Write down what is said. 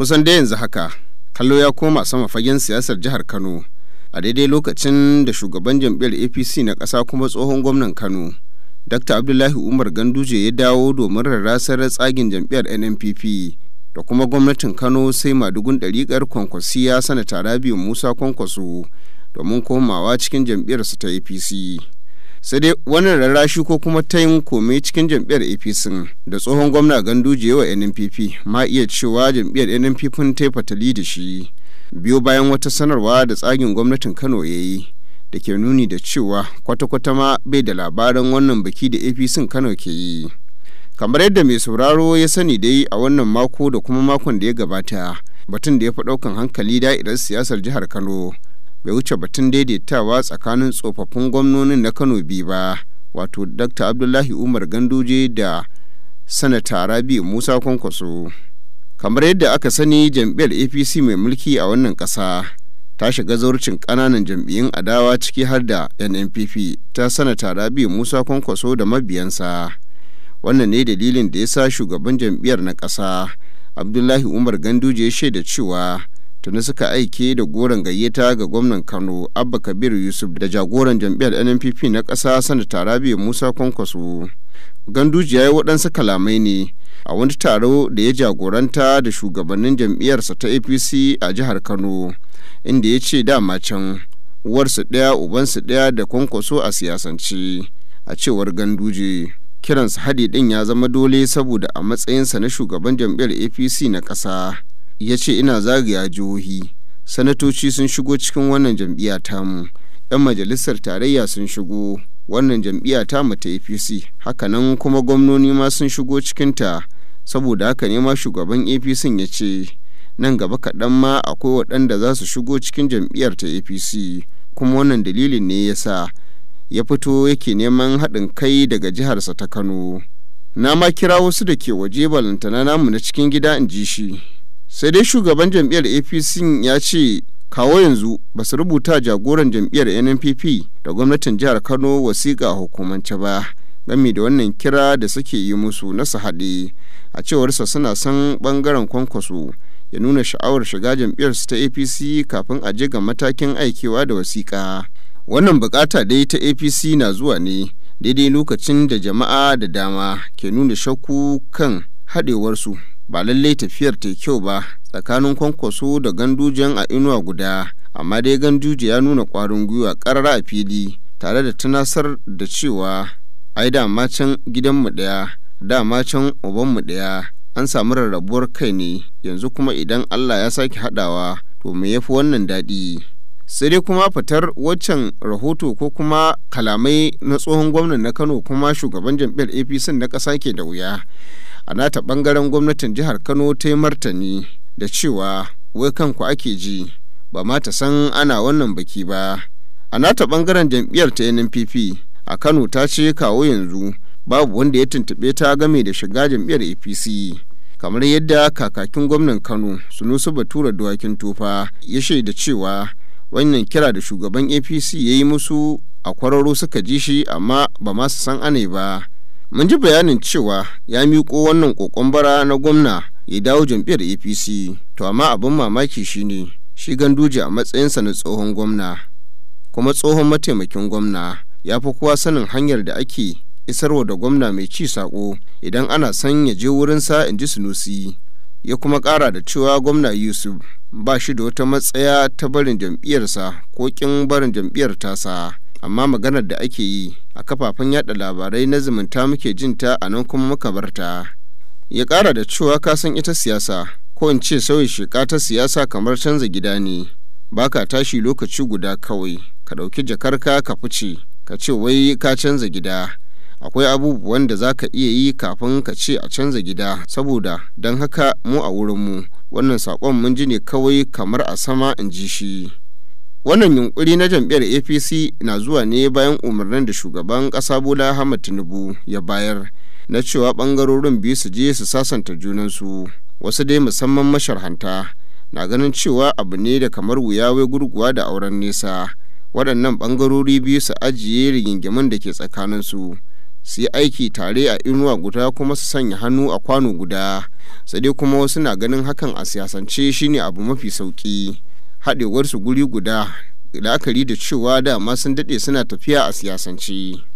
kusan da yanzu haka kallo ya koma sama fagen siyasar jihar kano a daidai lokacin da shugaban jam'iyyar apc na ƙasa kuma tsohon gwamnan kano dr abdullahi umar ganduje ya dawo domin rarrasar tsagin jam'iyyar nnpp da kuma gwamnatin kano sai madugun ɗariƙar kwankwasiya sanata rabiu musa kwankwaso domin komawa cikin jam'iyyarsa ta apc sai dai wannan rarrashi ko kuma ta yin kome cikin jam'iyyar apc da tsohon gwamna ganduje wa nnpp ma iya cewa jam'iyyar nnpp ta yi fatali da shi biyo bayan wata sanarwa da tsagin gwamnatin kano ya yi da ke nuni da cewa kwata-kwata ma bai da labarin wannan biki da apc kano ke yi kamar yadda mai sauraro ya sani dai a wannan mako da kuma makon da ya gabata batun da ya fi ɗaukan hankali da'irar siyasar jihar kano bai wuce batun daidaitawa tsakanin tsofaffin gwamnonin na kano biyu ba wato dr abdullahi umar ganduje da sanata rabi musa kwankwaso kamar yadda aka sani jam'iyyar apc mai mulki a wannan ƙasa ta shiga zaurucin ƙananan jam'iyyun adawa ciki har da nnpp ta sanata rabi musa kwankwaso da mabiyansa wannan ne dalilin da ya sa shugaban jam'iyyar na ƙasa abdullahi umar ganduje shaida cewa tuni suka aike da goron gayyata ga gwamnan kano abba kabiru yusuf da jagoran jam'iyyar nnpp na ƙasa sanata rabiu musa kwankwaso ganduji ya yi waɗansu kalamai ne a wani taro da ya jagoranta da shugabannin jam'iyyarsa ta apc a jihar kano inda ya ce dama can uwarsu ɗaya ubansu ɗaya da kwankwaso a siyasance a cewar ganduje kiransa haɗe ɗin ya zama dole saboda a matsayinsa na shugaban jam'iyyar apc na ƙasa ya ce ina zagaya jihohi sanatoci sun shigo cikin wannan jam'iyya tamu 'yan majalisar tarayya sun shigo wannan jam'iyya tamu ta apc Haka nan kuma gwamnoni ma sun shigo cikin cikinta saboda haka ne ma shugaban apc ya ce nan gaba kaɗan ma akwai waɗanda za su shigo cikin jam'iyyar ta apc kuma wannan dalilin ne ya sa ya fito yake neman haɗin kai daga jiharsa ta kano na ma kira wasu da ke waje balantana namu na cikin gida in ji shi sai dai shugaban jam'iyyar apc ya ce kawo yanzu ba su rubuta jagoran jam'iyyar nnpp da gwamnatin jihar kano wasiƙa hukumance ba gami da wannan kira da suke yi musu na su haɗe a cewarsa suna son ɓangaren kwankwaso ya nuna sha'awar shiga jam'iyyarsu ta apc kafin a je ga matakin aikewa da wasiƙa wannan bukata dai ta apc na zuwa ne daidai lokacin da jama'a da dama ke nuna shakku kan haɗewarsu ba lallai tafiyar ta kyau ba tsakanin kwankwaso da gandujen a inuwa guda amma dai ganduje ya nuna kwarin gwiwa ƙarara a fili tare da tunasar da cewa ai dama can gidanmu ɗaya dama can ubanmu ɗaya an samu rarrabuwar kai ne yanzu kuma idan allah ya sake haɗawa to me yafi wannan daɗi sai dai kuma fitar waccan rahoto ko kuma kalamai na tsohon gwamnan na kano kuma shugaban jam'iyyar apc na ƙasa ke da wuya a nata bangaren gwamnatin jihar kano ta yi martani da cewa wai kanku ake ji ba ma ta san ana wannan baki ba a nata bangaren jam'iyyar ta nnpp a kano ta ce kawo yanzu babu wanda ya tuntuɓe ta game da shiga jam'iyyar apc kamar yadda kakakin gwamnan kano sunusu batura dawakin tofa ya shaida cewa wannan kira da shugaban apc ya yi musu a kwararo suka ji shi amma ba ma su san anai ba mun ji bayanin cewa ya miƙo wannan ƙoƙon bara na gwamna ya dawo jam'iyyar apc to amma abin mamaki shine shi ganduje a matsayinsa na tsohon gwamna kuma tsohon mataimakin gwamna ya fi kowa sanin hanyar da ake isarwa da gwamna mai ci saƙo idan ana son ya je wurinsa in ji sunusi ya kuma ƙara da cewa gwamna yusuf ba shi da wata matsaya ta barin jam'iyyarsa ko ƙin barin jam'iyyar tasa amma maganar da ake yi a kafafen yada labarai na zumunta muke jin ta a nan kuma muka bar ta ya ƙara da cewa ka san ita siyasa ko in ce sauyi sheka ta siyasa kamar canza gida ne baka tashi lokaci guda kawai ka ɗauki jakarka ka fice ka ce wai ka canza gida akwai abubuwan da za ka iya yi kafin ka ce a canza gida saboda don haka mu a wurinmu wannan saƙon mun ji ne kawai kamar a sama in ji shi wannan yunkuri na jam'iyyar apc na zuwa ne bayan umarnin da shugaban ƙasa bola ahmad tinubu ya bayar na cewa ɓangarorin biyu su je su sasanta junansu wasu dai musamman masharhanta na ganin cewa abu ne da kamar wuya wai gurguwa da auren nesa waɗannan bangarori biyu su ajiye rigingimin da ke tsakaninsu su yi aiki tare a inuwa guda kuma su sanya hannu a kwano guda sai dai kuma wasu na ganin hakan a siyasance shine abu mafi sauki haɗewarsu guri guda la'akari da cewa dama sun daɗe suna tafiya a siyasance